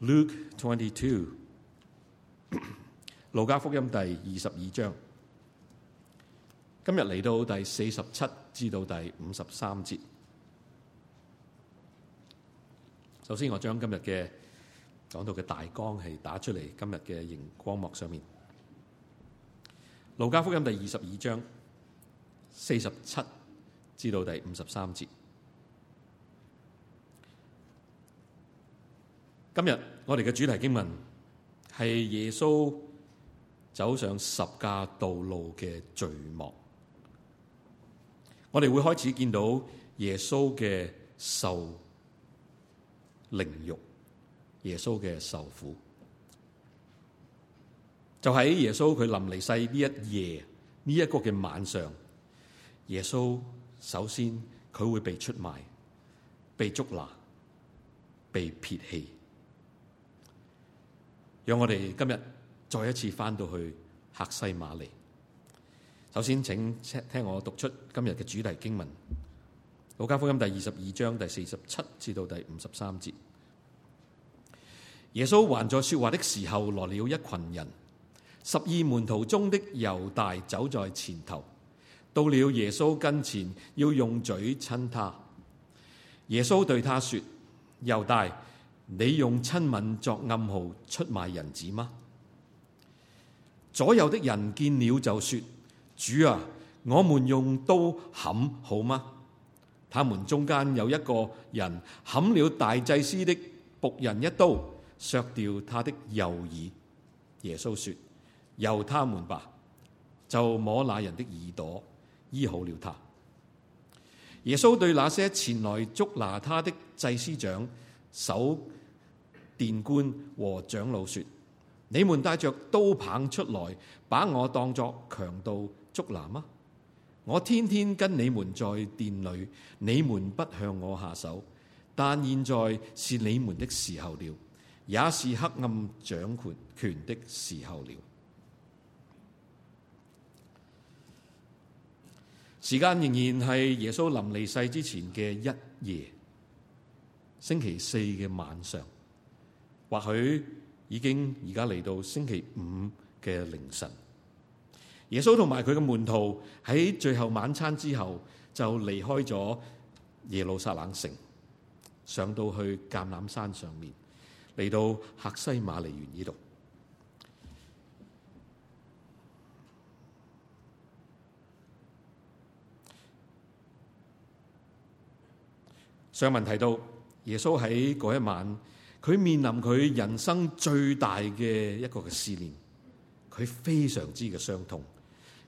Luke twenty two，路加福音第二十二章。今日嚟到第四十七至到第五十三節。首先我將今日嘅講到嘅大綱係打出嚟，今日嘅熒光幕上面。路加福音第二十二章四十七至到第五十三節。今日我哋嘅主題經文係耶穌走上十架道路嘅序幕。我哋會開始見到耶穌嘅受凌辱，耶穌嘅受苦。就喺耶穌佢臨離世呢一夜呢一個嘅晚上，耶穌首先佢會被出賣，被捉拿，被撇棄。讓我哋今日再一次翻到去客西馬尼。首先，請聽我讀出今日嘅主題經文，《路加福音》第二十二章第四十七至到第五十三節。耶穌還在說話的時候，來了一群人。十二門徒中的猶大走在前頭，到了耶穌跟前，要用嘴親他。耶穌對他說：猶大。你用親吻作暗號出賣人子嗎？左右的人見了就說：主啊，我們用刀砍好嗎？他們中間有一個人砍了大祭司的僕人一刀，削掉他的右耳。耶穌說：由他們吧，就摸那人的耳朵，醫好了他。耶穌對那些前來捉拿他的祭司長手。殿官和長老說：你們帶着刀棒出來，把我當作強盜捉拿嗎？我天天跟你們在殿裏，你們不向我下手，但現在是你們的時候了，也是黑暗掌權權的時候了。時間仍然係耶穌臨離世之前嘅一夜，星期四嘅晚上。或許已經而家嚟到星期五嘅凌晨，耶穌同埋佢嘅門徒喺最後晚餐之後就離開咗耶路撒冷城，上到去橄欖山上面，嚟到客西馬尼園呢度。上文提到耶穌喺嗰一晚。佢面臨佢人生最大嘅一個嘅試煉，佢非常之嘅傷痛，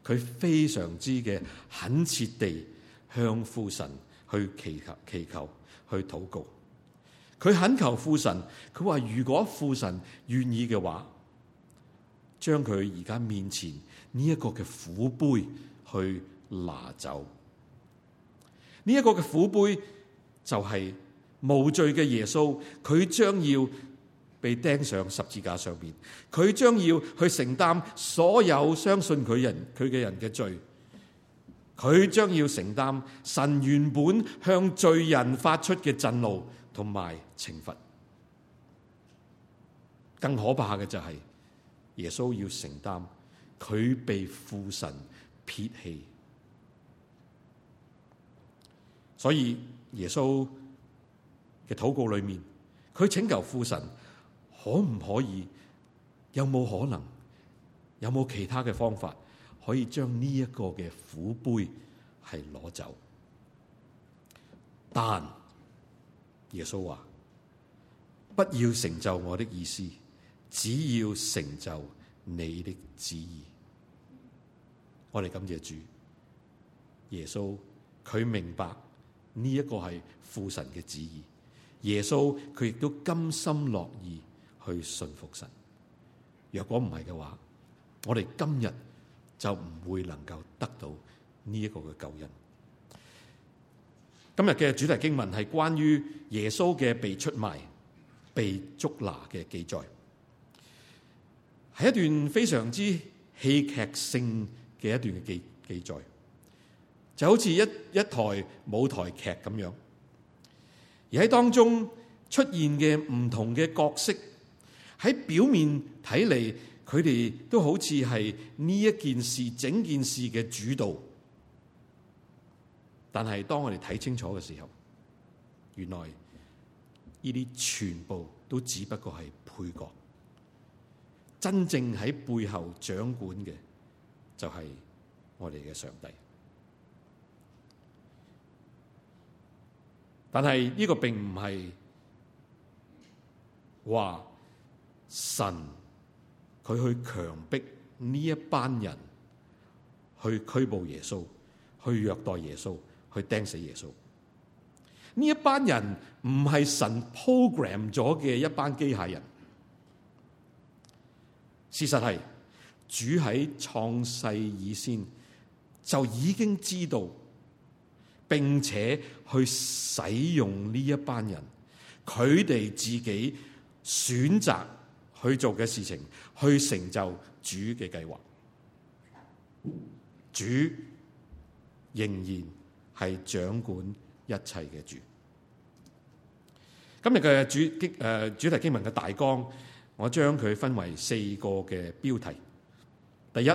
佢非常之嘅懇切地向父神去祈求、祈求、去禱告。佢懇求父神，佢話如果父神願意嘅話，將佢而家面前呢一、這個嘅苦杯去拿走。呢、這、一個嘅苦杯就係、是。無罪嘅耶穌，佢將要被釘上十字架上邊，佢將要去承擔所有相信佢人佢嘅人嘅罪，佢將要承擔神原本向罪人發出嘅震怒同埋懲罰。更可怕嘅就係耶穌要承擔佢被父神撇棄，所以耶穌嘅禱告裏面，佢請求父神可唔可以，有冇可能，有冇其他嘅方法可以將呢一個嘅苦杯係攞走？但耶穌話：不要成就我的意思，只要成就你的旨意。我哋感謝主，耶穌佢明白呢一個係父神嘅旨意。耶穌佢亦都甘心樂意去順服神。若果唔係嘅話，我哋今日就唔會能夠得到呢一個嘅救恩。今日嘅主題經文係關於耶穌嘅被出賣、被捉拿嘅記載，係一段非常之戲劇性嘅一段嘅記記載，就好似一一台舞台劇咁樣。而喺當中出現嘅唔同嘅角色，喺表面睇嚟，佢哋都好似係呢一件事，整件事嘅主導。但係當我哋睇清楚嘅時候，原來呢啲全部都只不過係配角，真正喺背後掌管嘅就係我哋嘅上帝。但係呢、這個並唔係話神佢去強迫呢一班人去拘捕耶穌、去虐待耶穌、去釘死耶穌。呢一班人唔係神 program 咗嘅一班機械人。事實係主喺創世以先就已經知道。並且去使用呢一班人，佢哋自己選擇去做嘅事情，去成就主嘅計劃。主仍然係掌管一切嘅主。今日嘅主經誒主題經文嘅大綱，我將佢分為四個嘅標題。第一，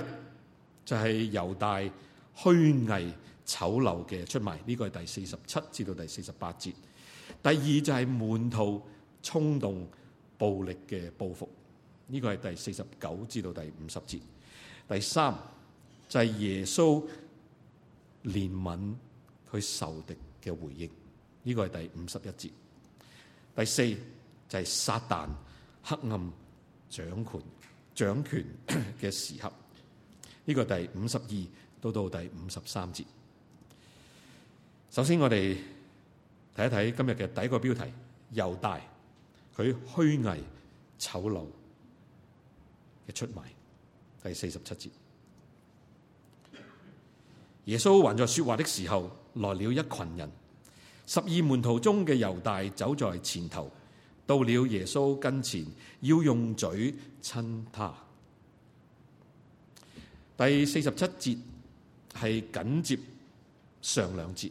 就係、是、猶大虛偽、醜陋嘅出賣，呢個係第四十七至到第四十八節。第二就係門徒衝動、暴力嘅報復，呢個係第四十九至到第五十節。第三就係、是、耶穌憐憫佢受敵嘅回應，呢個係第五十一節。第四就係、是、撒旦黑暗掌權掌權嘅時刻，呢個第五十二到到第五十三節。首先，我哋睇一睇今日嘅第一個標題：猶大，佢虛偽醜陋嘅出賣。第四十七節，耶穌還在說話的時候，來了一群人，十二門徒中嘅猶大走在前頭，到了耶穌跟前，要用嘴親他。第四十七節是緊接上兩節。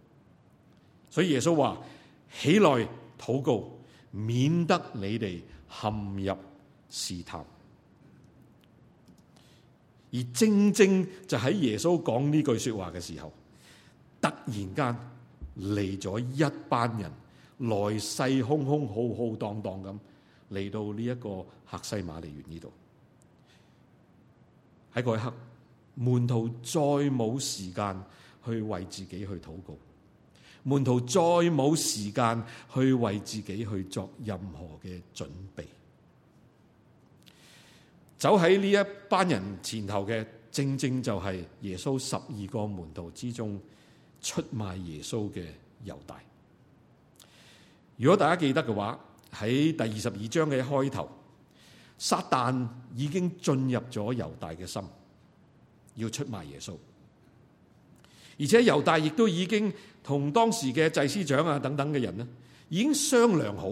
所以耶穌話：起來禱告，免得你哋陷入試探。而正正就喺耶穌講呢句說話嘅時候，突然間嚟咗一班人，來勢洶洶、浩浩蕩蕩咁嚟到呢一個客西馬尼園呢度。喺嗰一刻，門徒再冇時間去為自己去禱告。門徒再冇時間去為自己去做任何嘅準備，走喺呢一班人前頭嘅，正正就係耶穌十二個門徒之中出賣耶穌嘅猶大。如果大家記得嘅話，喺第二十二章嘅開頭，撒旦已經進入咗猶大嘅心，要出賣耶穌，而且猶大亦都已經。同當時嘅祭司長啊等等嘅人咧，已經商量好，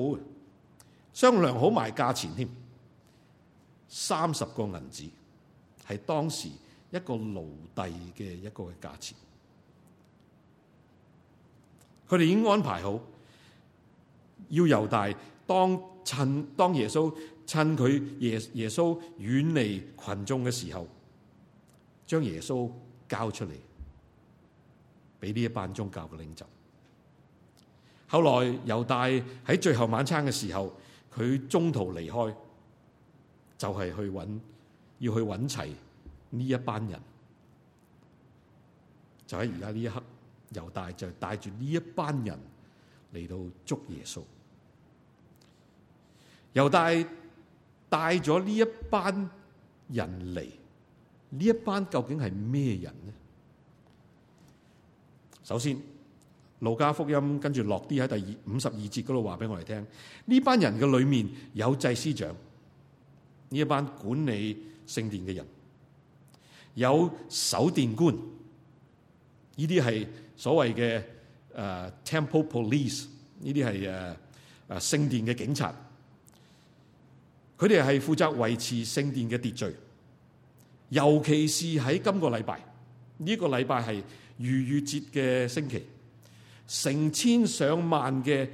商量好埋價錢添，三十個銀子係當時一個奴隸嘅一個價錢。佢哋已經安排好，要猶大當趁當耶穌趁佢耶耶穌遠離群眾嘅時候，將耶穌交出嚟。俾呢一班宗教嘅領袖，後來猶大喺最後晚餐嘅時候，佢中途離開，就係去揾，要去揾齊呢一班人，就喺而家呢一刻，猶大就帶住呢一班人嚟到捉耶穌。猶大帶咗呢一班人嚟，呢一班究竟係咩人呢？首先，路加福音跟住落啲喺第二五十二節嗰度話俾我哋聽，呢班人嘅裏面有祭司長，呢一班管理聖殿嘅人，有守殿官，呢啲係所謂嘅誒 Temple Police，呢啲係誒誒聖殿嘅警察，佢哋係負責維持聖殿嘅秩序，尤其是喺今個禮拜，呢、呢個禮拜係。逾越節嘅星期，成千上萬嘅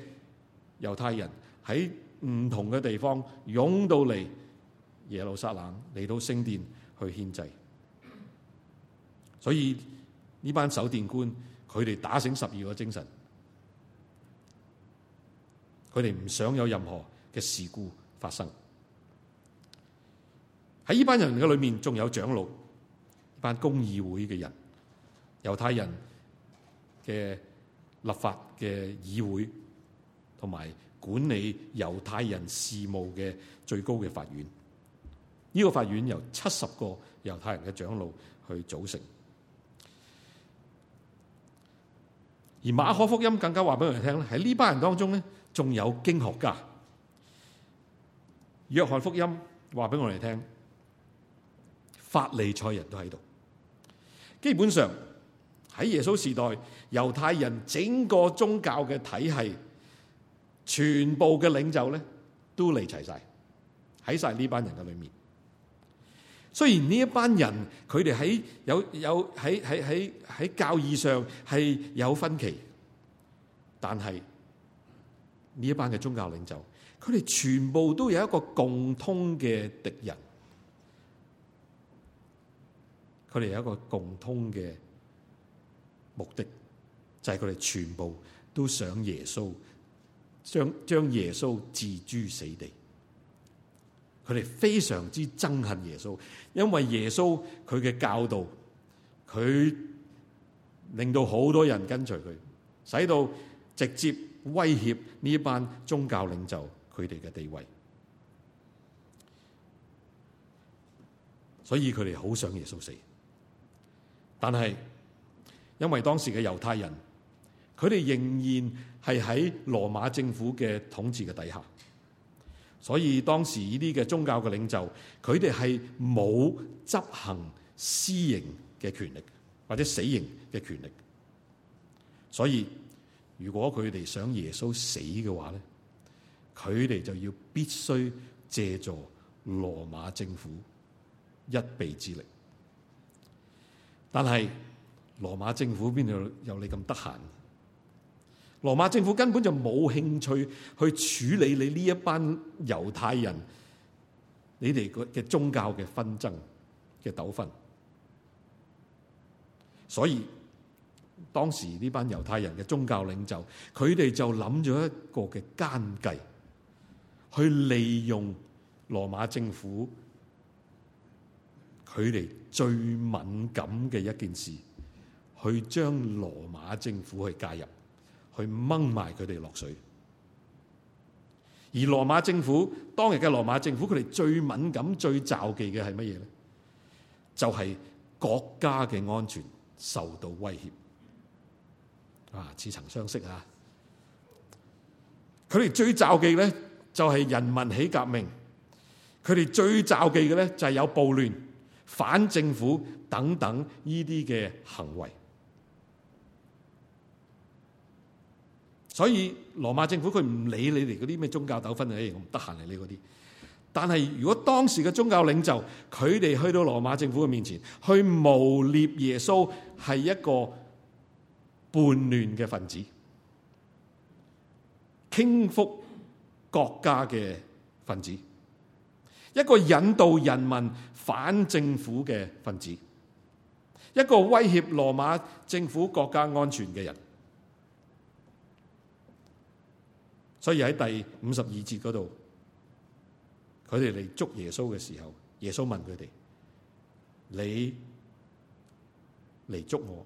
猶太人喺唔同嘅地方湧到嚟耶路撒冷嚟到聖殿去獻祭。所以呢班守殿官佢哋打醒十二個精神，佢哋唔想有任何嘅事故發生。喺呢班人嘅裏面，仲有長老、呢班公議會嘅人。猶太人嘅立法嘅議會，同埋管理猶太人事務嘅最高嘅法院，呢個法院由七十個猶太人嘅長老去組成。而馬可福音更加話俾我哋聽咧，喺呢班人當中咧，仲有經學家。約翰福音話俾我哋聽，法利賽人都喺度，基本上。喺耶穌時代，猶太人整個宗教嘅體系，全部嘅領袖咧都嚟齊晒，喺晒呢班人嘅裏面。雖然呢一班人，佢哋喺有有喺喺喺喺教義上係有分歧，但係呢一班嘅宗教領袖，佢哋全部都有一個共通嘅敵人，佢哋有一個共通嘅。目的就係佢哋全部都想耶穌將將耶穌置諸死地，佢哋非常之憎恨耶穌，因為耶穌佢嘅教導，佢令到好多人跟隨佢，使到直接威脅呢一班宗教領袖佢哋嘅地位，所以佢哋好想耶穌死，但係。因為當時嘅猶太人，佢哋仍然係喺羅馬政府嘅統治嘅底下，所以當時呢啲嘅宗教嘅領袖，佢哋係冇執行私刑嘅權力或者死刑嘅權力，所以如果佢哋想耶穌死嘅話咧，佢哋就要必須借助羅馬政府一臂之力，但係。羅馬政府邊度有你咁得閒？羅馬政府根本就冇興趣去處理你呢一班猶太人，你哋嘅宗教嘅紛爭嘅糾紛，所以當時呢班猶太人嘅宗教領袖，佢哋就諗咗一個嘅奸計，去利用羅馬政府佢哋最敏感嘅一件事。去將羅馬政府去介入，去掹埋佢哋落水。而羅馬政府當日嘅羅馬政府，佢哋最敏感、最罩忌嘅係乜嘢咧？就係國家嘅安全受到威脅。啊，似曾相識啊！佢哋最罩忌咧，就係人民起革命。佢哋最罩忌嘅咧，就係有暴亂、反政府等等呢啲嘅行為。所以羅馬政府佢唔理你哋啲咩宗教糾紛啊，誒，我唔得閒理你啲。但係如果當時嘅宗教領袖，佢哋去到羅馬政府嘅面前，去誣蔑耶穌係一個叛亂嘅分子、傾覆國家嘅分子、一個引導人民反政府嘅分子、一個威脅羅馬政府國家安全嘅人。所以喺第五十二節嗰度，佢哋嚟捉耶穌嘅時候，耶穌問佢哋：你嚟捉我，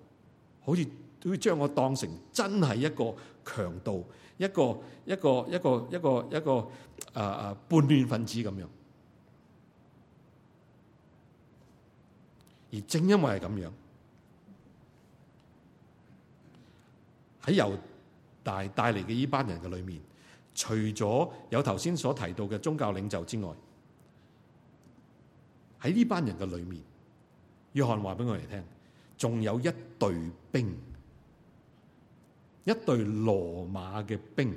好似都要將我當成真係一個強盜，一個一個一個一個一個啊啊叛亂分子咁樣。而正因為係咁樣，喺猶大帶嚟嘅呢班人嘅裏面。除咗有頭先所提到嘅宗教領袖之外，喺呢班人嘅裏面，約翰話俾我哋聽，仲有一隊兵，一隊羅馬嘅兵，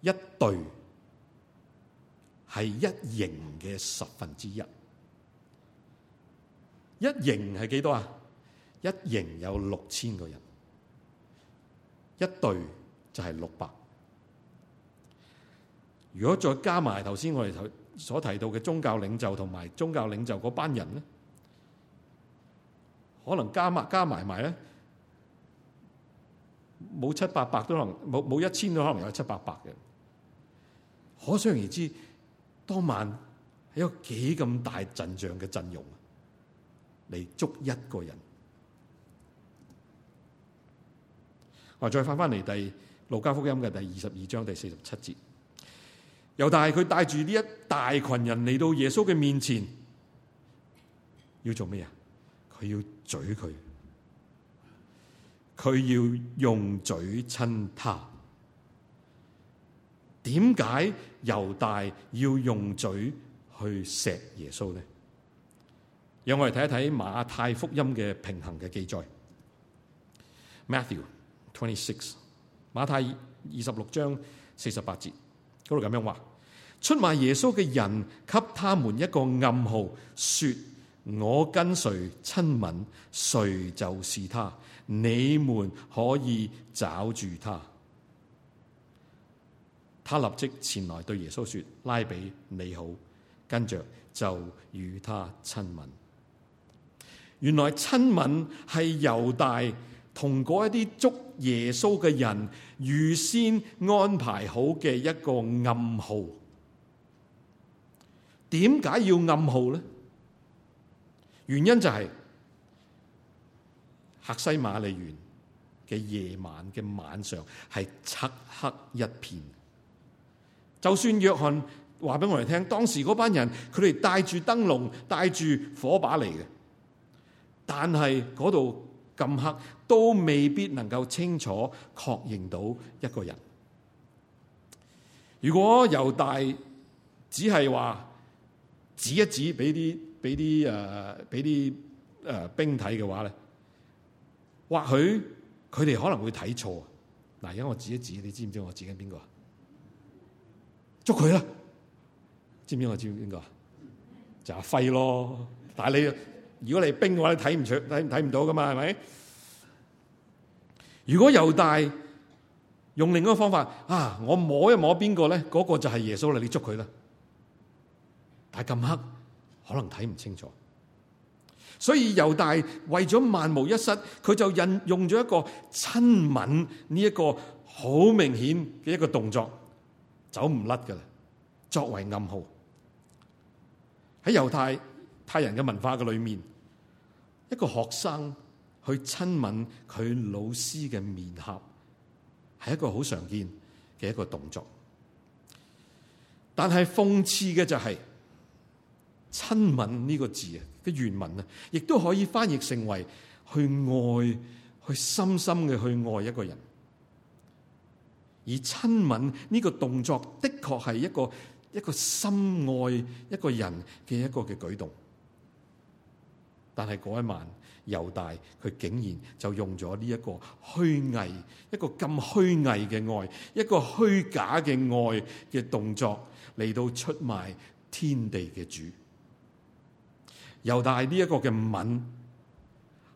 一隊係一營嘅十分之一，一營係幾多啊？一營有六千個人，一隊。就係六百。如果再加埋頭先，我哋頭先所提到嘅宗教領袖同埋宗教領袖嗰班人咧，可能加埋加埋埋咧，冇七八百都可能，冇冇一千都可能有七八百嘅。可想而知，當晚係有幾咁大陣仗嘅陣容，嚟捉一個人。我再翻翻嚟第二。路加福音嘅第二十二章第四十七節，猶大佢帶住呢一大群人嚟到耶穌嘅面前，要做咩啊？佢要嘴佢，佢要用嘴親他。點解猶大要用嘴去錫耶穌呢？讓我哋睇一睇馬太福音嘅平衡嘅記載，Matthew twenty six。馬太二十六章四十八節嗰度咁樣話：出賣耶穌嘅人給他們一個暗號，說：我跟誰親吻，誰就是他。你們可以抓住他。他立即前來對耶穌說：拉比你好。跟着就與他親吻。原來親吻係猶大。同嗰一啲捉耶穌嘅人預先安排好嘅一個暗號，點解要暗號咧？原因就係、是、客西馬尼園嘅夜晚嘅晚上係漆黑一片，就算約翰話俾我哋聽，當時嗰班人佢哋帶住燈籠、帶住火把嚟嘅，但係嗰度咁黑。都未必能夠清楚確認到一個人。如果猶大只係話指一指俾啲俾啲誒俾啲誒兵睇嘅話咧，或許佢哋可能會睇錯。嗱，而家我指一指，你知唔知我指緊邊個啊？捉佢啦！知唔知我指邊個啊？就阿輝咯。但係你如果你係兵嘅話，你睇唔出睇唔睇唔到噶嘛？係咪？如果猶大用另一個方法啊，我摸一摸邊個咧，嗰、那個就係耶穌啦，你捉佢啦。但係咁黑，可能睇唔清楚。所以猶大為咗萬無一失，佢就引用咗一個親吻呢一個好明顯嘅一個動作，走唔甩㗎喇，作為暗號。喺猶太太人嘅文化嘅裏面，一個學生。去親吻佢老師嘅面頰，係一個好常見嘅一個動作。但係諷刺嘅就係、是、親吻呢個字啊，嘅原文啊，亦都可以翻譯成為去愛、去深深嘅去愛一個人。而親吻呢個動作的確係一個一個深愛一個人嘅一個嘅舉動，但係嗰一晚。猶大佢竟然就用咗呢一個虛偽、一個咁虛偽嘅愛、一個虛假嘅愛嘅動作嚟到出賣天地嘅主。猶大呢一個嘅吻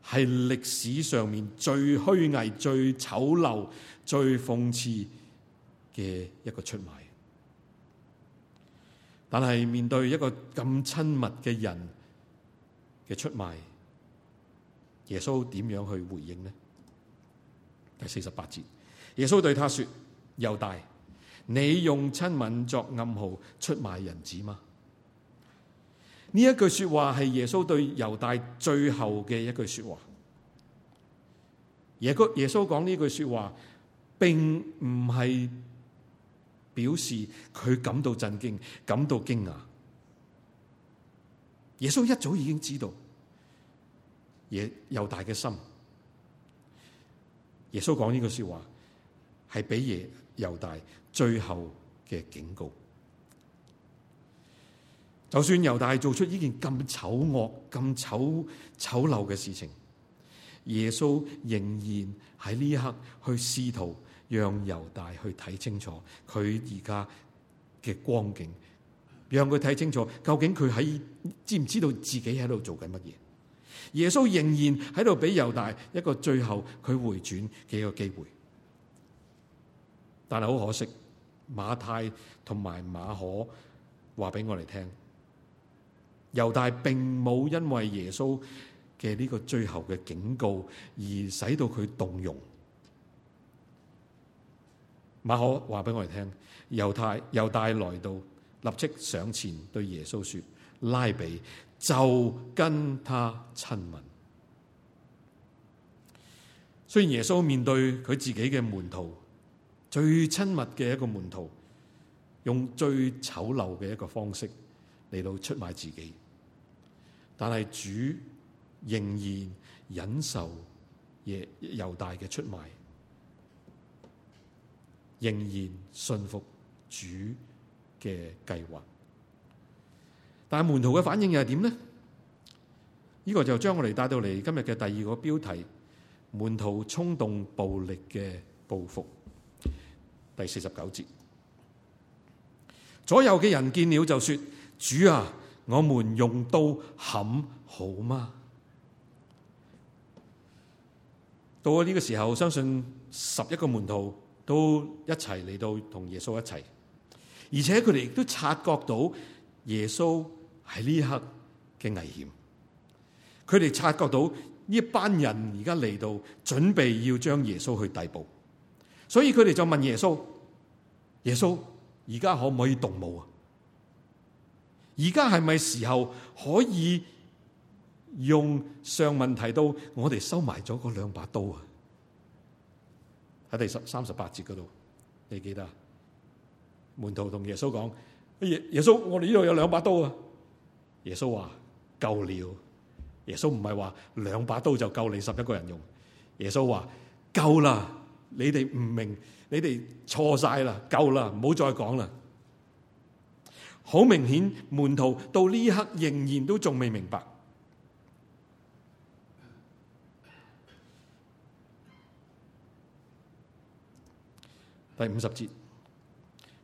係歷史上面最虛偽、最醜陋、最諷刺嘅一個出賣。但係面對一個咁親密嘅人嘅出賣。耶穌點樣去回應呢？第四十八節，耶穌對他說：猶大，你用親吻作暗號出賣人子嗎？呢一句說話係耶穌對猶大最後嘅一句說話。耶穌耶穌講呢句說話，並唔係表示佢感到震驚、感到驚訝。耶穌一早已經知道。耶，猶大嘅心，耶穌講呢句說話，係俾耶猶大最後嘅警告。就算猶大做出呢件咁醜惡、咁醜醜陋嘅事情，耶穌仍然喺呢刻去試圖讓猶大去睇清楚佢而家嘅光景，讓佢睇清楚究竟佢喺知唔知道自己喺度做緊乜嘢。耶穌仍然喺度俾猶大一個最後佢回轉嘅一個機會，但係好可惜，馬太同埋馬可話俾我哋聽，猶大並冇因為耶穌嘅呢個最後嘅警告而使到佢動容。馬可話俾我哋聽，猶大猶大來到，立即上前對耶穌說：拉比。就跟他親吻，雖然耶穌面對佢自己嘅門徒，最親密嘅一個門徒，用最醜陋嘅一個方式嚟到出賣自己，但係主仍然忍受耶猶大嘅出賣，仍然信服主嘅計劃。但係門徒嘅反應又係點呢？呢個就將我哋帶到嚟今日嘅第二個標題：門徒衝動暴力嘅報復。第四十九節，左右嘅人見了就說：主啊，我們用刀砍好嗎？到咗呢個時候，相信十一個門徒都一齊嚟到同耶穌一齊，而且佢哋亦都察覺到耶穌。喺呢刻嘅危險，佢哋察覺到呢一班人而家嚟到，準備要將耶穌去逮捕，所以佢哋就問耶穌：耶穌，而家可唔可以動武啊？而家係咪時候可以用上文提到我哋收埋咗嗰兩把刀啊？喺第十三十八節嗰度，你記得啊？門徒同耶穌講：耶耶穌，我哋呢度有兩把刀啊！耶穌話：夠了。耶穌唔係話兩把刀就夠你十一個人用。耶穌話：夠啦，你哋唔明，你哋錯晒啦，夠啦，唔好再講啦。好明顯，門徒到呢刻仍然都仲未明白。第五十節，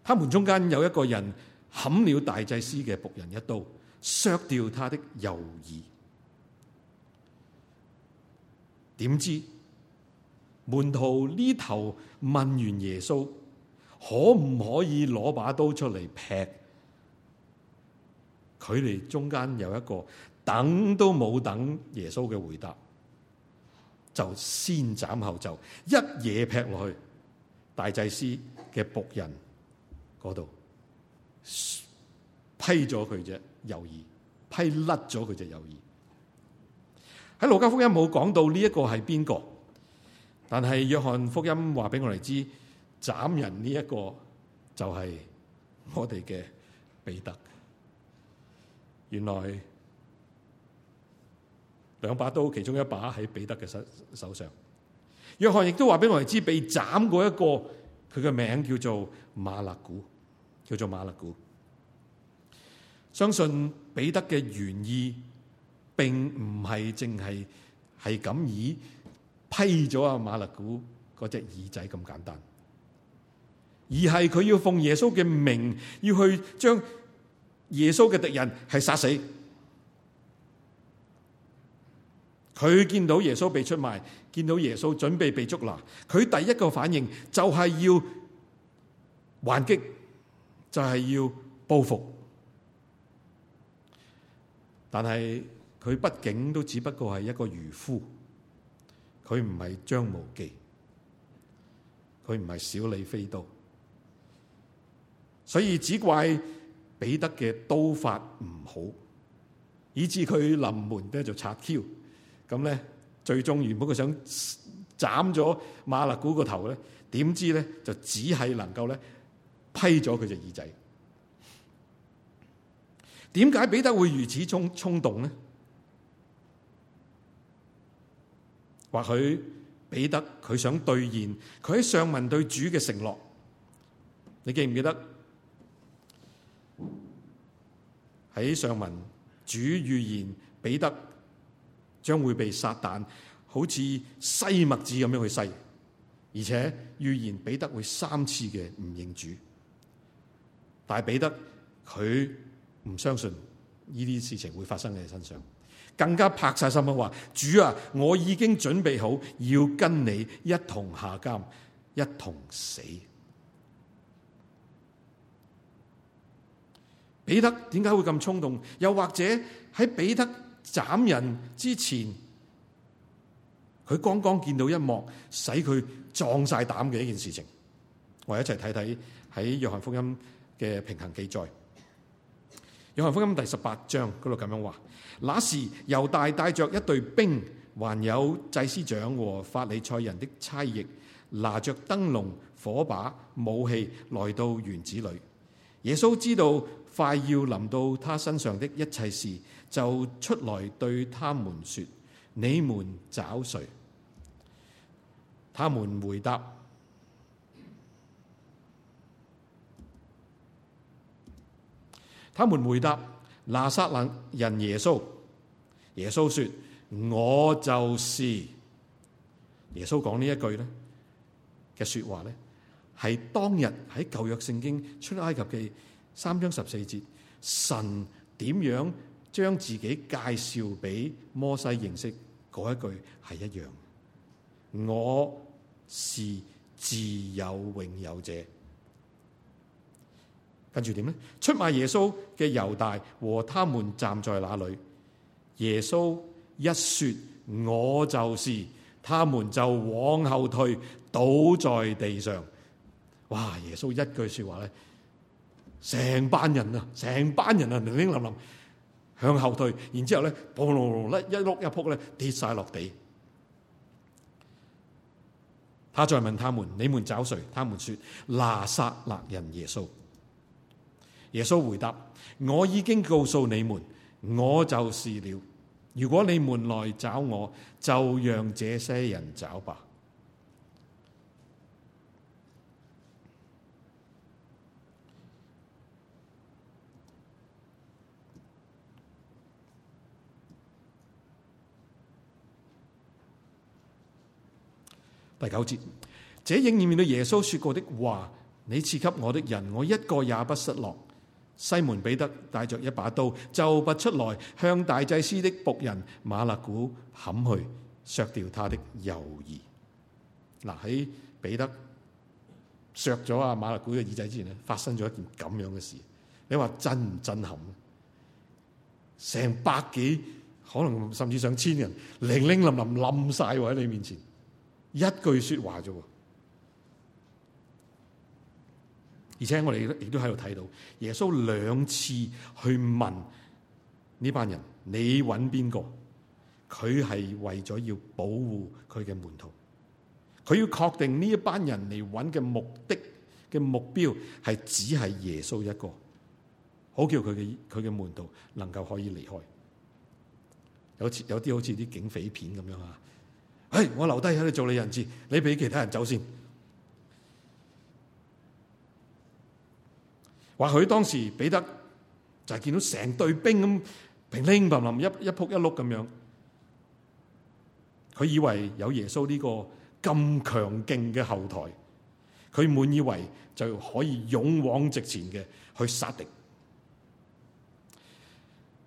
他們中間有一個人砍了大祭司嘅僕人一刀。削掉他的右耳。點知門徒呢頭問完耶穌，可唔可以攞把刀出嚟劈？佢哋中間有一個等都冇等耶穌嘅回答，就先斬後奏，一嘢劈落去大祭司嘅僕人嗰度。批咗佢啫，右耳批甩咗佢隻右耳。喺路加福音冇講到呢一個係邊個，但係約翰福音話俾我哋知，斬人呢一個就係我哋嘅彼得。原來兩把刀，其中一把喺彼得嘅手手上。約翰亦都話俾我哋知，被斬嗰一個佢嘅名叫做馬勒古，叫做馬勒古。相信彼得嘅原意，並唔係淨係係咁以批咗阿馬勒古嗰隻耳仔咁簡單，而係佢要奉耶穌嘅名，要去將耶穌嘅敵人係殺死。佢見到耶穌被出賣，見到耶穌準備被捉拿，佢第一個反應就係要還擊，就係要報復。但係佢畢竟都只不過係一個漁夫，佢唔係張無忌，佢唔係小李飛刀，所以只怪彼得嘅刀法唔好，以致佢臨門咧就拆 Q，咁咧最終原本佢想斬咗馬勒古個頭咧，點知咧就只係能夠咧批咗佢隻耳仔。點解彼得會如此衝衝動呢？或許彼得佢想兌現佢喺上文對主嘅承諾，你記唔記得喺上文主預言彼得將會被撒旦好似篩麥子咁樣去篩，而且預言彼得會三次嘅唔認主，但係彼得佢。唔相信呢啲事情會發生喺你身上，更加拍晒心口話：主啊，我已經準備好要跟你一同下監，一同死。彼得點解會咁衝動？又或者喺彼得斬人之前，佢剛剛見到一幕使佢壯晒膽嘅一件事情，我哋一齊睇睇喺《約翰福音》嘅平行記載。《約翰福音》第十八章嗰度咁樣話：那時猶大帶着一隊兵，還有祭司長和法利賽人的差役，拿着燈籠、火把、武器來到園子裏。耶穌知道快要臨到他身上的一切事，就出來對他們說：你們找誰？他們回答：他們回答，拿撒冷人耶穌，耶穌說，我就是耶穌講呢一句咧嘅說話咧，係當日喺舊約聖經出埃及記三章十四節，神點樣將自己介紹畀摩西認識嗰一句係一樣的，我是自有永有者。跟住點咧？出賣耶穌嘅猶大和他們站在那裏。耶穌一說，我就是，他們就往後退，倒在地上。哇！耶穌一句說話咧，成班人啊，成班人啊，零零林林向後退，然之後咧，噗隆隆一碌一撲咧，跌晒落地。他再問他們：你們找誰？他們說：拿撒勒人耶穌。耶穌回答：我已經告訴你們，我就是了。如果你們來找我，就讓這些人找吧。第九節：這應驗了耶穌說過的話：你賜給我的人，我一個也不失落。西門彼得帶着一把刀，就拔出來向大祭司的僕人馬勒古砍去，削掉他的右耳。嗱、啊、喺彼得削咗阿馬勒古嘅耳仔之前咧，發生咗一件咁樣嘅事。你話震唔震撼？成百幾，可能甚至上千人，零零林林冧晒喺你面前，一句說話啫喎。而且我哋亦都喺度睇到，耶穌兩次去問呢班人：你揾邊個？佢係為咗要保護佢嘅門徒，佢要確定呢一班人嚟揾嘅目的嘅目標係只係耶穌一個，好叫佢嘅佢嘅門徒能夠可以離開。有有啲好似啲警匪片咁樣啊！哎，我留低喺度做你的人質，你俾其他人走先。或許當時彼得就係、是、見到成隊兵咁乒乒乓乓一一扑一碌咁樣，佢以為有耶穌呢個咁強勁嘅後台，佢滿以為就可以勇往直前嘅去殺敵。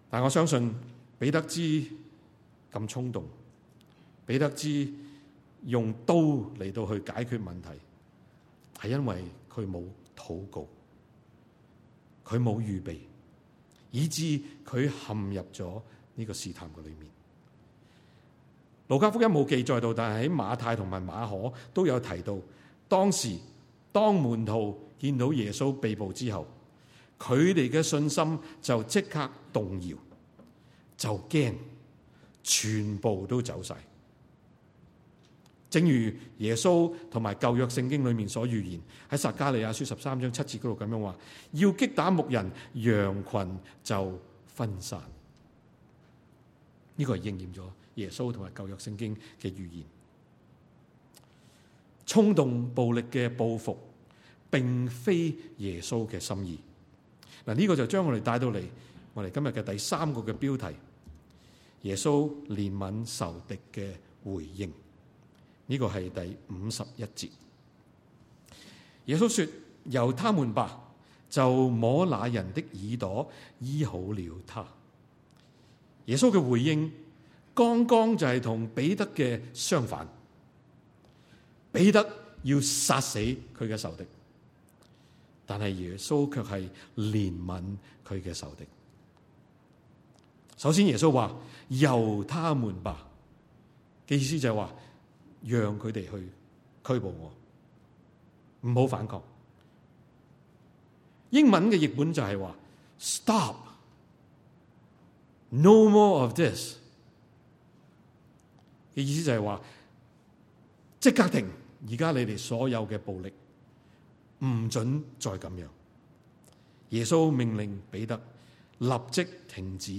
但我相信彼得之咁衝動，彼得之用刀嚟到去解決問題，係因為佢冇禱告。佢冇預備，以致佢陷入咗呢個試探嘅裏面。路加福音冇記載到，但係喺馬太同埋馬可都有提到，當時當門徒見到耶穌被捕之後，佢哋嘅信心就即刻動搖，就驚，全部都走晒。正如耶穌同埋舊約聖經裏面所預言，喺撒迦利亞書十三章七節嗰度，咁樣話要擊打牧人，羊群就分散。呢、這個係應驗咗耶穌同埋舊約聖經嘅預言。衝動暴力嘅報復，並非耶穌嘅心意。嗱，呢個就將我哋帶到嚟我哋今日嘅第三個嘅標題：耶穌憐憫仇敵嘅回應。呢個係第五十一節，耶穌說：由他們吧，就摸那人的耳朵，醫好了他。耶穌嘅回應，剛剛就係同彼得嘅相反。彼得要殺死佢嘅仇敵，但係耶穌卻係憐憫佢嘅仇敵。首先，耶穌話：由他們吧，嘅意思就係話。讓佢哋去拘捕我，唔好反抗。英文嘅譯本就係話：Stop，no more of this。意思就係話：即刻停！而家你哋所有嘅暴力唔准再咁樣。耶穌命令彼得立即停止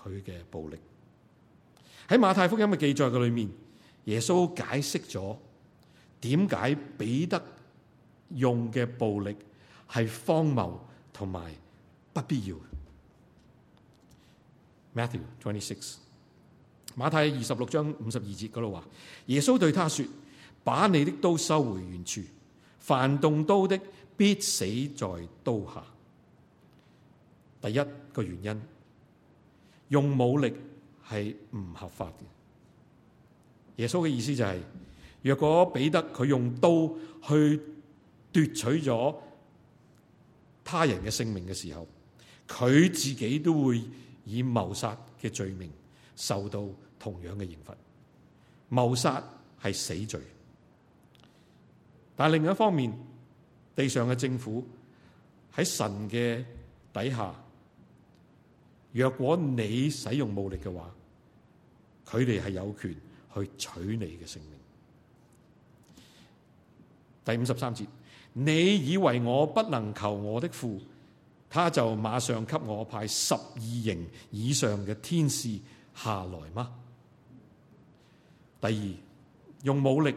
佢嘅暴力。喺馬太福音嘅記載嘅裏面。耶穌解釋咗點解彼得用嘅暴力係荒謬同埋不必要。Matthew twenty six，馬太二十六章五十二節嗰度話，耶穌對他說：把你的刀收回原處，凡動刀的必死在刀下。第一個原因，用武力係唔合法嘅。耶穌嘅意思就係，若果彼得佢用刀去奪取咗他人嘅性命嘅時候，佢自己都會以謀殺嘅罪名受到同樣嘅刑罰。謀殺係死罪，但係另一方面，地上嘅政府喺神嘅底下，若果你使用武力嘅話，佢哋係有權去取你嘅性命。第五十三節，你以為我不能求我的父，他就馬上給我派十二營以上嘅天使下來嗎？第二，用武力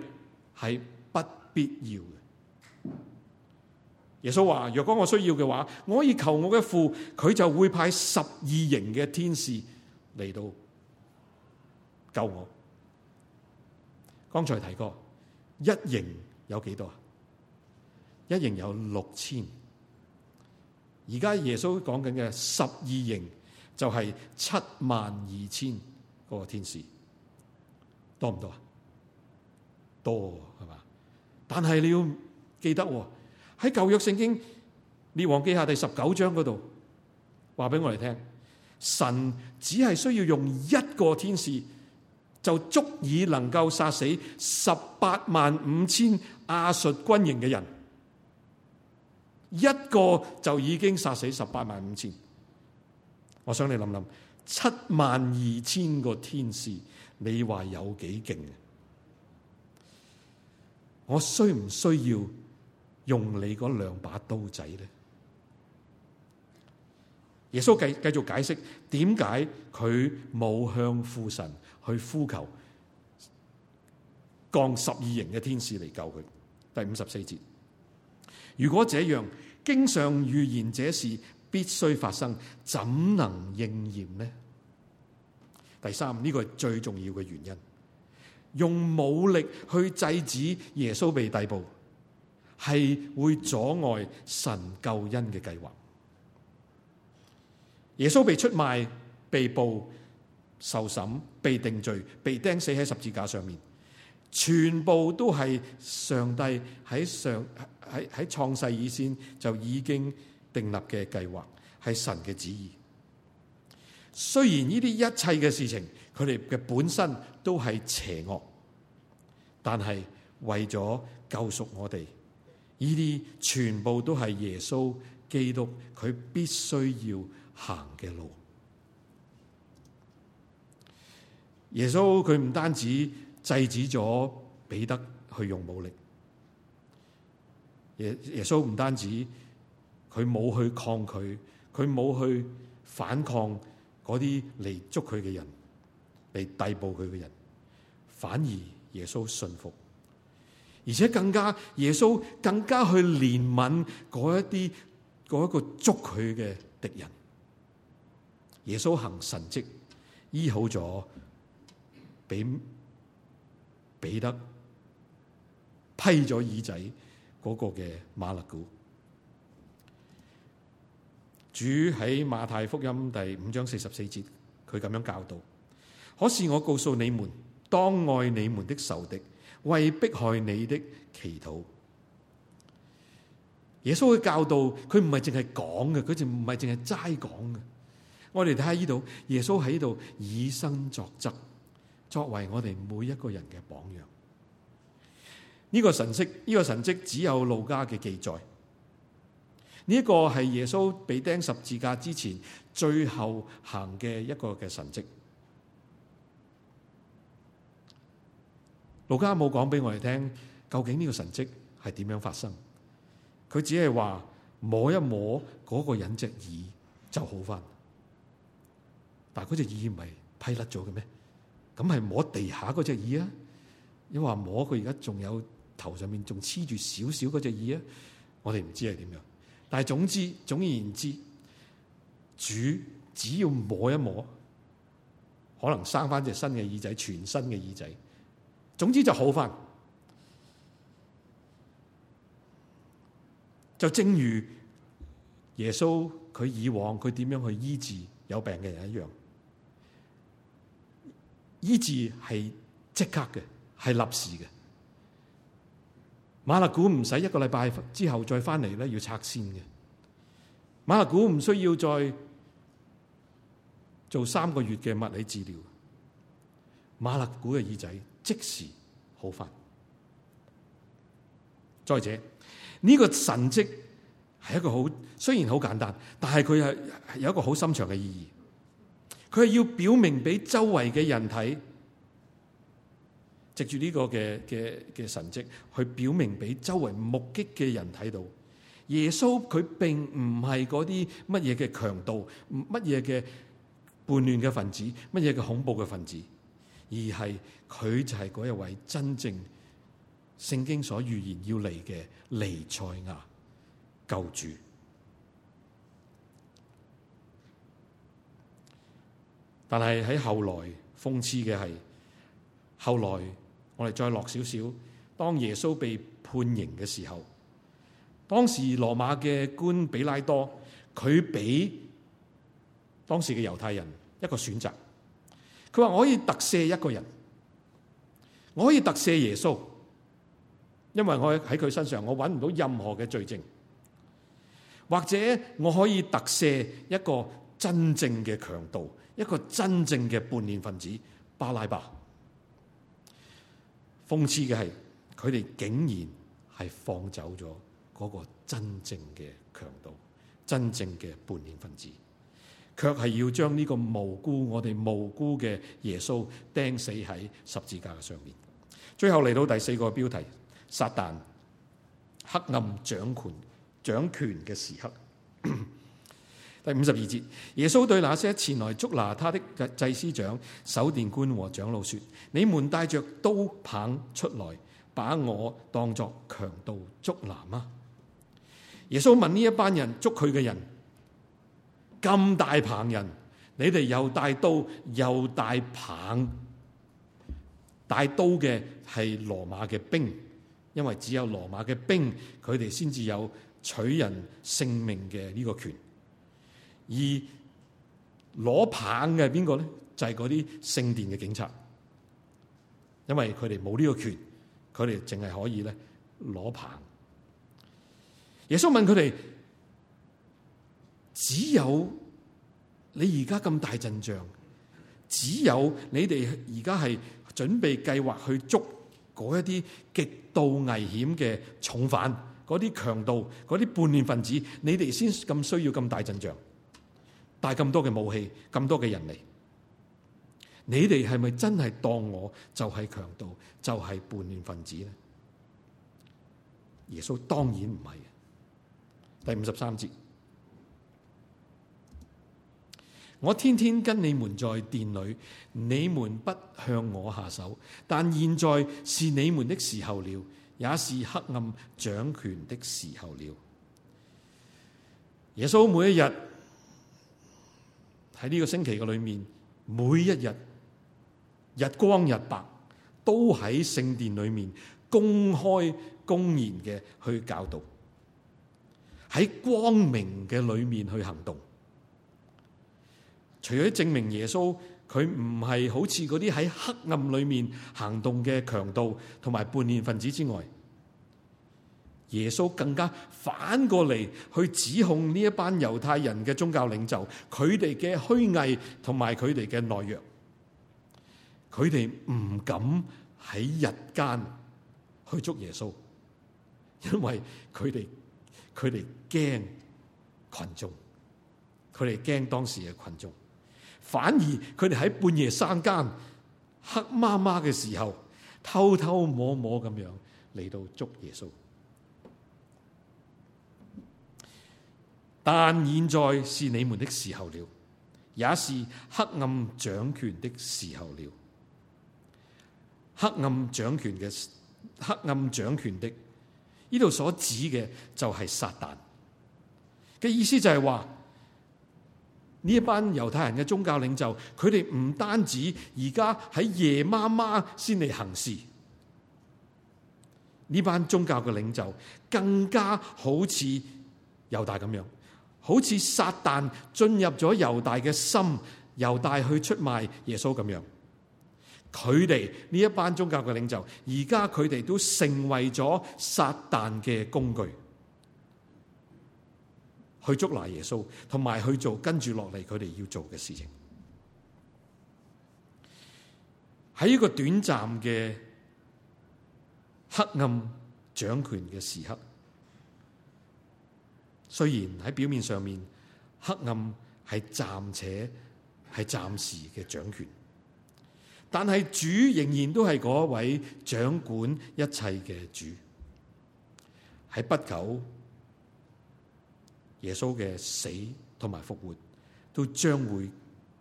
係不必要嘅。耶穌話：若果我需要嘅話，我可以求我嘅父，佢就會派十二營嘅天使嚟到救我。剛才提過，一營有幾多啊？一營有六千。而家耶穌講緊嘅十二營就係七萬二千嗰個天使，多唔多啊？多係嘛？但係你要記得喺舊約聖經列王記下第十九章嗰度，話俾我哋聽，神只係需要用一個天使。就足以能夠殺死十八萬五千亞述軍營嘅人，一個就已經殺死十八萬五千。我想你諗諗，七萬二千個天使，你話有幾勁？我需唔需要用你嗰兩把刀仔咧？耶穌繼繼續解釋點解佢冇向父神。去呼求降十二型嘅天使嚟救佢。第五十四節，如果這樣，經常預言這事必須發生，怎能應驗呢？第三，呢、這個係最重要嘅原因，用武力去制止耶穌被逮捕，係會阻礙神救恩嘅計劃。耶穌被出賣、被捕。受審、被定罪、被釘死喺十字架上面，全部都係上帝喺上喺喺創世以前就已經訂立嘅計劃，係神嘅旨意。雖然呢啲一切嘅事情，佢哋嘅本身都係邪惡，但係為咗救贖我哋，呢啲全部都係耶穌基督佢必須要行嘅路。耶穌佢唔單止制止咗彼得去用武力，耶耶穌唔單止佢冇去抗拒，佢冇去反抗嗰啲嚟捉佢嘅人，嚟逮捕佢嘅人，反而耶穌信服，而且更加耶穌更加去憐憫嗰一啲嗰一個捉佢嘅敵人。耶穌行神蹟醫好咗。俾彼得批咗耳仔嗰個嘅馬勒古，主喺馬太福音第五章四十四節，佢咁樣教導。可是我告訴你們，當愛你們的仇敵，為迫害你的祈禱。耶穌嘅教導，佢唔係淨係講嘅，佢就唔係淨係齋講嘅。我哋睇下呢度，耶穌喺度以身作則。作為我哋每一個人嘅榜樣。呢個神蹟，呢個神蹟只有路加嘅記載。呢個係耶穌被釘十字架之前最後行嘅一個嘅神蹟。路加冇講俾我哋聽，究竟呢個神蹟係點樣發生？佢只係話摸一摸嗰個人隻耳就好翻，但係嗰隻耳唔係批甩咗嘅咩？咁係摸地下嗰隻耳啊？因為話摸佢而家仲有頭上面仲黐住少少嗰隻耳啊？我哋唔知係點樣，但係總之，總而言之，主只要摸一摸，可能生翻隻新嘅耳仔，全新嘅耳仔。總之就好返。就正如耶穌佢以往佢點樣去醫治有病嘅人一樣。醫治係即刻嘅，係立時嘅。馬勒古唔使一個禮拜之後再翻嚟，咧，要拆線嘅。馬勒古唔需要再做三個月嘅物理治療，馬勒古嘅耳仔即時好翻。再者，呢、這個神蹟係一個好，雖然好簡單，但係佢係有一個好深長嘅意義。佢係要表明俾周圍嘅人睇，藉住呢個嘅嘅嘅神蹟，去表明俾周圍目擊嘅人睇到。耶穌佢並唔係嗰啲乜嘢嘅強盜，乜嘢嘅叛亂嘅分子，乜嘢嘅恐怖嘅分子，而係佢就係嗰一位真正聖經所預言要嚟嘅彌賽亞救主。.但係喺後來諷刺嘅係，後來我哋再落少少，當耶穌被判刑嘅時候，當時羅馬嘅官彼拉多，佢俾當時嘅猶太人一個選擇，佢話我可以特赦一個人，我可以特赦耶穌，因為我喺佢身上我揾唔到任何嘅罪證，或者我可以特赦一個。真正嘅強盜，一個真正嘅叛亂分子巴拉巴，諷刺嘅係佢哋竟然係放走咗嗰個真正嘅強盜，真正嘅叛亂分子，卻係要將呢個無辜我哋無辜嘅耶穌釘死喺十字架嘅上面。最後嚟到第四個標題：撒旦黑暗掌權掌權嘅時刻。 第五十二節，耶穌對那些前來捉拿他的祭司長、守殿官和長老說：你們帶着刀棒出來，把我當作強盜捉拿嗎？耶穌問呢一班人捉佢嘅人，咁大棒人，你哋又帶刀又帶棒，帶刀嘅係羅馬嘅兵，因為只有羅馬嘅兵，佢哋先至有取人性命嘅呢個權。而攞棒嘅係邊個咧？就係嗰啲聖殿嘅警察，因為佢哋冇呢個權，佢哋淨係可以咧攞棒。耶穌問佢哋：只有你而家咁大陣仗，只有你哋而家係準備計劃去捉嗰一啲極度危險嘅重犯，嗰啲強盜、嗰啲叛亂分子，你哋先咁需要咁大陣仗。帶咁多嘅武器，咁多嘅人嚟，你哋係咪真係當我就係強盜，就係叛亂分子呢？耶穌當然唔係。第五十三節，我天天跟你們在殿裏，你們不向我下手，但現在是你們的時候了，也是黑暗掌權的時候了。耶穌每一日。喺呢個星期嘅裏面，每一日日光日白都喺聖殿裏面公開公然嘅去教導，喺光明嘅裏面去行動，除咗證明耶穌佢唔係好似啲喺黑暗裏面行動嘅強盜同埋叛逆分子之外。耶穌更加反過嚟去指控呢一班猶太人嘅宗教領袖，佢哋嘅虛偽同埋佢哋嘅懦弱，佢哋唔敢喺日間去捉耶穌，因為佢哋佢哋驚群眾，佢哋驚當時嘅群眾，反而佢哋喺半夜三更黑麻麻嘅時候偷偷摸摸咁樣嚟到捉耶穌。但現在是你們的時候了，也是黑暗掌權的時候了。黑暗掌權嘅黑暗掌權的，呢度所指嘅就係撒旦嘅意思就是說，就係話呢一班猶太人嘅宗教領袖，佢哋唔單止而家喺夜媽媽先嚟行事，呢班宗教嘅領袖更加好似猶大咁樣。好似撒旦進入咗猶大嘅心，猶大去出賣耶穌咁樣，佢哋呢一班宗教嘅領袖，而家佢哋都成為咗撒旦嘅工具，去捉拿耶穌，同埋去做跟住落嚟佢哋要做嘅事情。喺一個短暫嘅黑暗掌權嘅時刻。雖然喺表面上面黑暗係暫且係暫時嘅掌權，但係主仍然都係嗰位掌管一切嘅主。喺不久，耶穌嘅死同埋復活都將會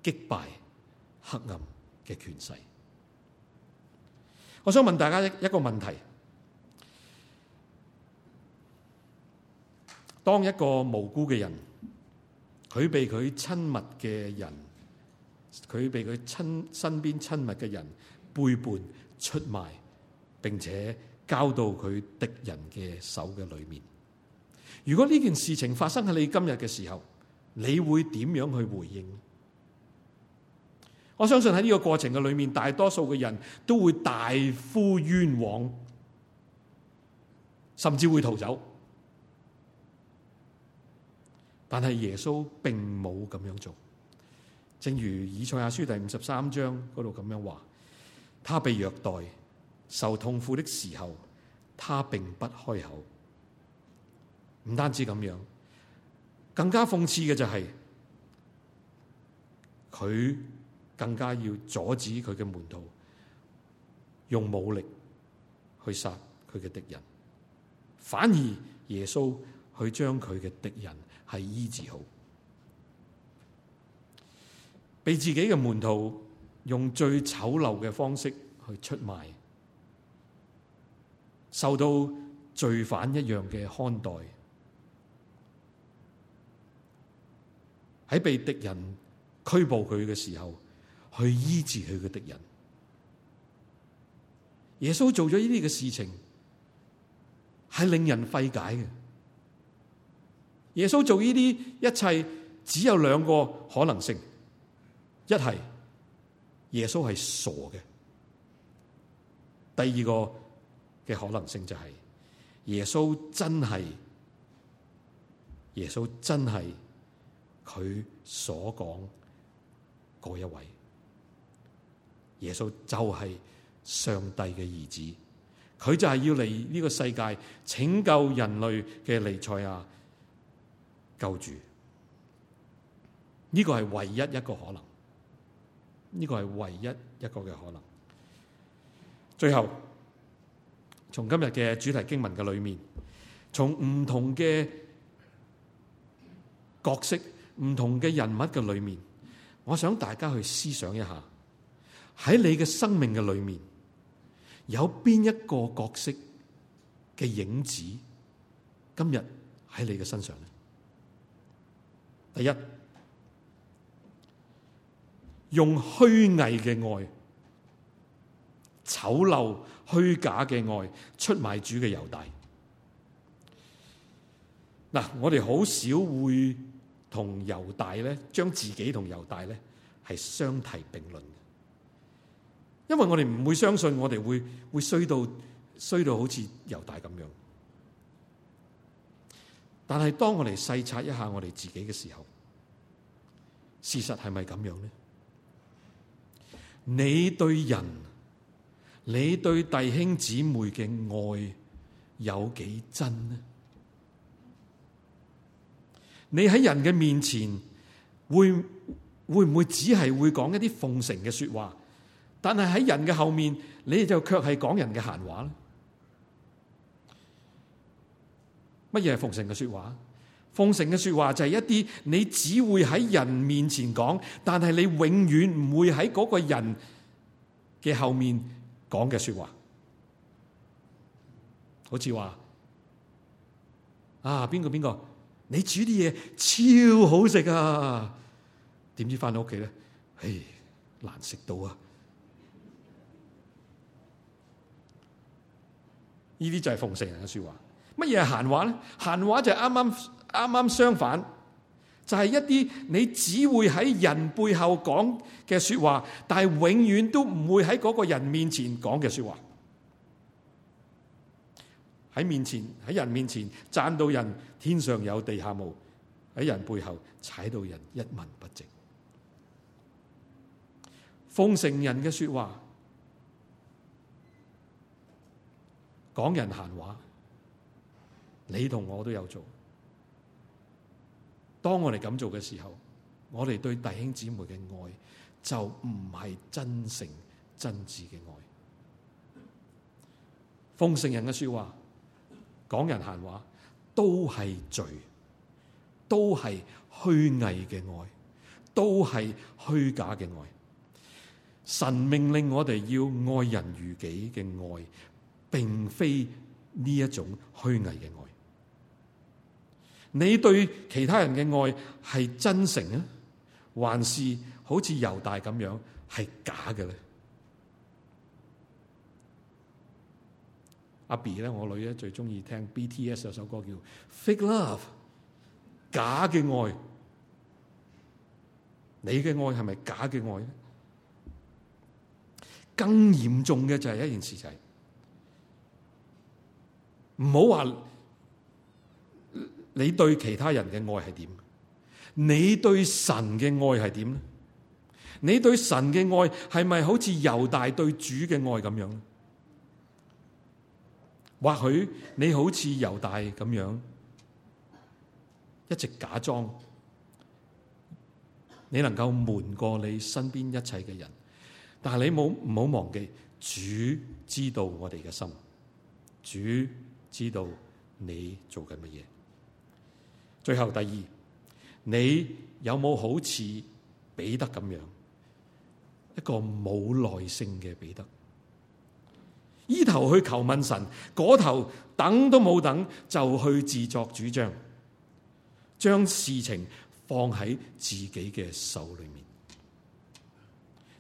擊敗黑暗嘅權勢。我想問大家一個問題。當一個無辜嘅人，佢被佢親密嘅人，佢被佢親身邊親密嘅人背叛出賣，並且交到佢敵人嘅手嘅裏面。如果呢件事情發生喺你今日嘅時候，你會點樣去回應？我相信喺呢個過程嘅裏面，大多數嘅人都會大呼冤枉，甚至會逃走。但係耶穌並冇咁樣做，正如以賽亞書第五十三章嗰度咁樣話：「他被虐待、受痛苦的時候，他並不開口。唔單止咁樣，更加諷刺嘅就係佢更加要阻止佢嘅門徒用武力去殺佢嘅敵人，反而耶穌去將佢嘅敵人。係醫治好，被自己嘅門徒用最醜陋嘅方式去出賣，受到罪犯一樣嘅看待，喺被敵人拘捕佢嘅時候，去醫治佢嘅敵人。耶穌做咗呢啲嘅事情，係令人費解嘅。耶穌做呢啲一切，只有兩個可能性：一係耶穌係傻嘅；第二個嘅可能性就係、是、耶穌真係耶穌真係佢所講嗰一位耶穌就係上帝嘅兒子，佢就係要嚟呢個世界拯救人類嘅彌賽亞啊！救主呢個係唯一一個可能，呢個係唯一一個嘅可能。最後，從今日嘅主題經文嘅裏面，從唔同嘅角色、唔同嘅人物嘅裏面，我想大家去思想一下，喺你嘅生命嘅裏面，有邊一個角色嘅影子，今日喺你嘅身上呢？第一，用虛偽嘅愛、醜陋、虛假嘅愛出賣主嘅猶大。嗱，我哋好少會同猶大呢將自己同猶大呢是相提並論嘅因為我哋唔會相信我哋會會衰到,衰到好似猶大咁樣。但係當我哋細察一下我哋自己嘅時候，事實係咪咁樣呢？你對人、你對弟兄姊妹嘅愛有幾真呢？你喺人嘅面前，會會唔會只係會講一啲奉承嘅說話？但係喺人嘅後面，你就卻係講人嘅閒話呢？乜嘢係奉承嘅說話？奉承嘅說話就係一啲你只會喺人面前講，但係你永遠唔會喺嗰個人嘅後面講嘅說話。好似話啊，邊個邊個，你煮啲嘢超好食啊！點知返到屋企咧，唉，難食到啊！呢啲就係奉承人嘅說話。乜嘢係閒話呢？閒話就啱啱啱啱相反，就係一啲你只會喺人背後講嘅說話，但係永遠都唔會喺嗰個人面前講嘅說話。喺面前，喺人面前讚到人天上有地下無，喺人背後踩到人一文不值。奉承人嘅說話，講人閒話。你同我都有做。當我哋咁做嘅時候，我哋對弟兄姊妹嘅愛就唔係真誠真摯嘅愛。奉承人嘅說話，講人閒話都係罪，都係虛偽嘅愛，都係虛假嘅愛。神命令我哋要愛人如己嘅愛，並非呢一種虛偽嘅愛。你對其他人嘅愛係真誠啊，還是好似猶大咁樣係假嘅咧？阿 B 咧，我女咧最鍾意聽 BTS 有首歌叫《Fake Love》，假嘅愛。你嘅愛係咪假嘅愛咧？更嚴重嘅就係一件事就係，唔好話。你對其他人嘅愛係點？你對神嘅愛係點咧？你對神嘅愛係咪好似猶大對主嘅愛咁樣？或許你好似猶大咁樣，一直假裝你能夠瞞過你身邊一切嘅人，但係你冇，唔好忘記，主知道我哋嘅心，主知道你做緊乜嘢。最後第二，你有冇好似彼得咁樣一個冇耐性嘅彼得？依頭去求問神，嗰頭等都冇等就去自作主張，將事情放喺自己嘅手裏面。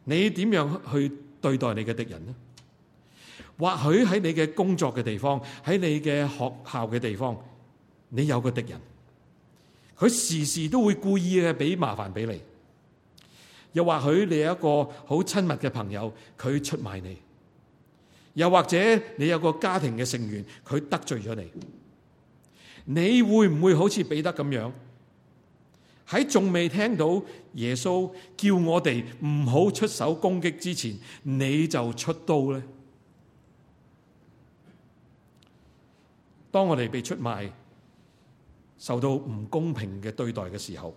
你點樣去對待你嘅敵人呢？或許喺你嘅工作嘅地方，喺你嘅學校嘅地方，你有個敵人。佢時時都會故意嘅俾麻煩俾你，又或許你有一個好親密嘅朋友，佢出賣你，又或者你有個家庭嘅成員，佢得罪咗你，你會唔會好似彼得咁樣喺仲未聽到耶穌叫我哋唔好出手攻擊之前，你就出刀呢？當我哋被出賣，受到唔公平嘅對待嘅時候，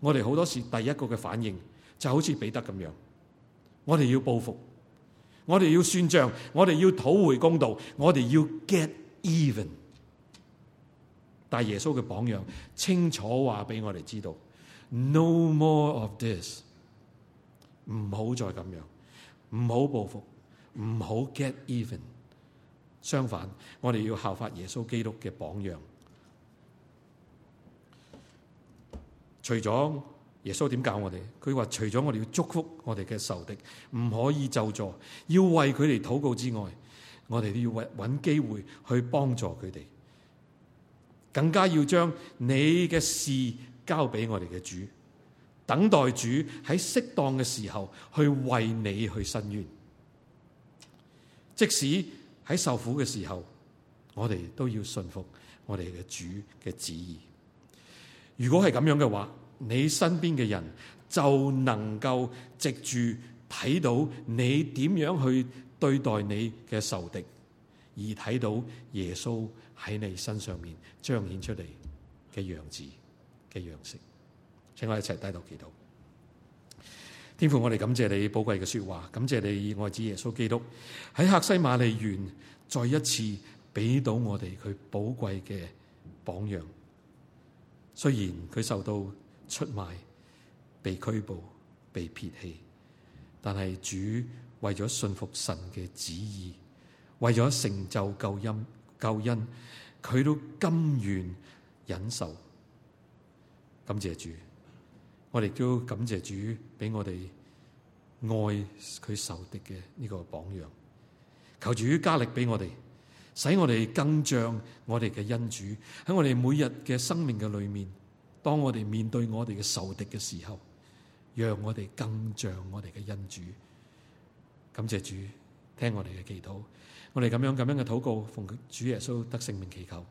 我哋好多時第一個嘅反應就好似彼得咁樣，我哋要報復，我哋要算賬，我哋要討回公道，我哋要 get even。但係耶穌嘅榜樣清楚話俾我哋知道，no more of this，唔好再咁樣，唔好報復，唔好 get even。相反，我哋要效法耶穌基督嘅榜樣。除咗耶穌點教我哋，佢話除咗我哋要祝福我哋嘅仇敵，唔可以就助，要為佢哋禱告之外，我哋都要揾揾機會去幫助佢哋，更加要將你嘅事交俾我哋嘅主，等待主喺適當嘅時候去為你去伸冤。即使喺受苦嘅時候，我哋都要信服我哋嘅主嘅旨意。如果係咁樣嘅話，你身邊嘅人就能夠藉住睇到你點樣去對待你嘅仇敵，而睇到耶穌喺你身上面彰顯出嚟嘅樣子嘅樣式，請我哋一齊低頭祈禱。天父，我哋感謝你寶貴嘅說話，感謝你愛子耶穌基督喺客西馬尼園再一次俾到我哋佢寶貴嘅榜樣。雖然佢受到，出賣、被拘捕、被撇棄，但係主為咗信服神嘅旨意，為咗成就救恩、救恩，佢都甘願忍受。感謝主，我哋都感謝主，俾我哋愛佢受的嘅呢個榜樣。求主加力俾我哋，使我哋更像我哋嘅恩主，喺我哋每日嘅生命嘅裏面。當我哋面對我哋嘅仇敵嘅時候，讓我哋更像我哋嘅恩主。感謝主，聽我哋嘅祈禱，我哋咁樣咁樣嘅禱告，奉主耶穌得聖名祈求。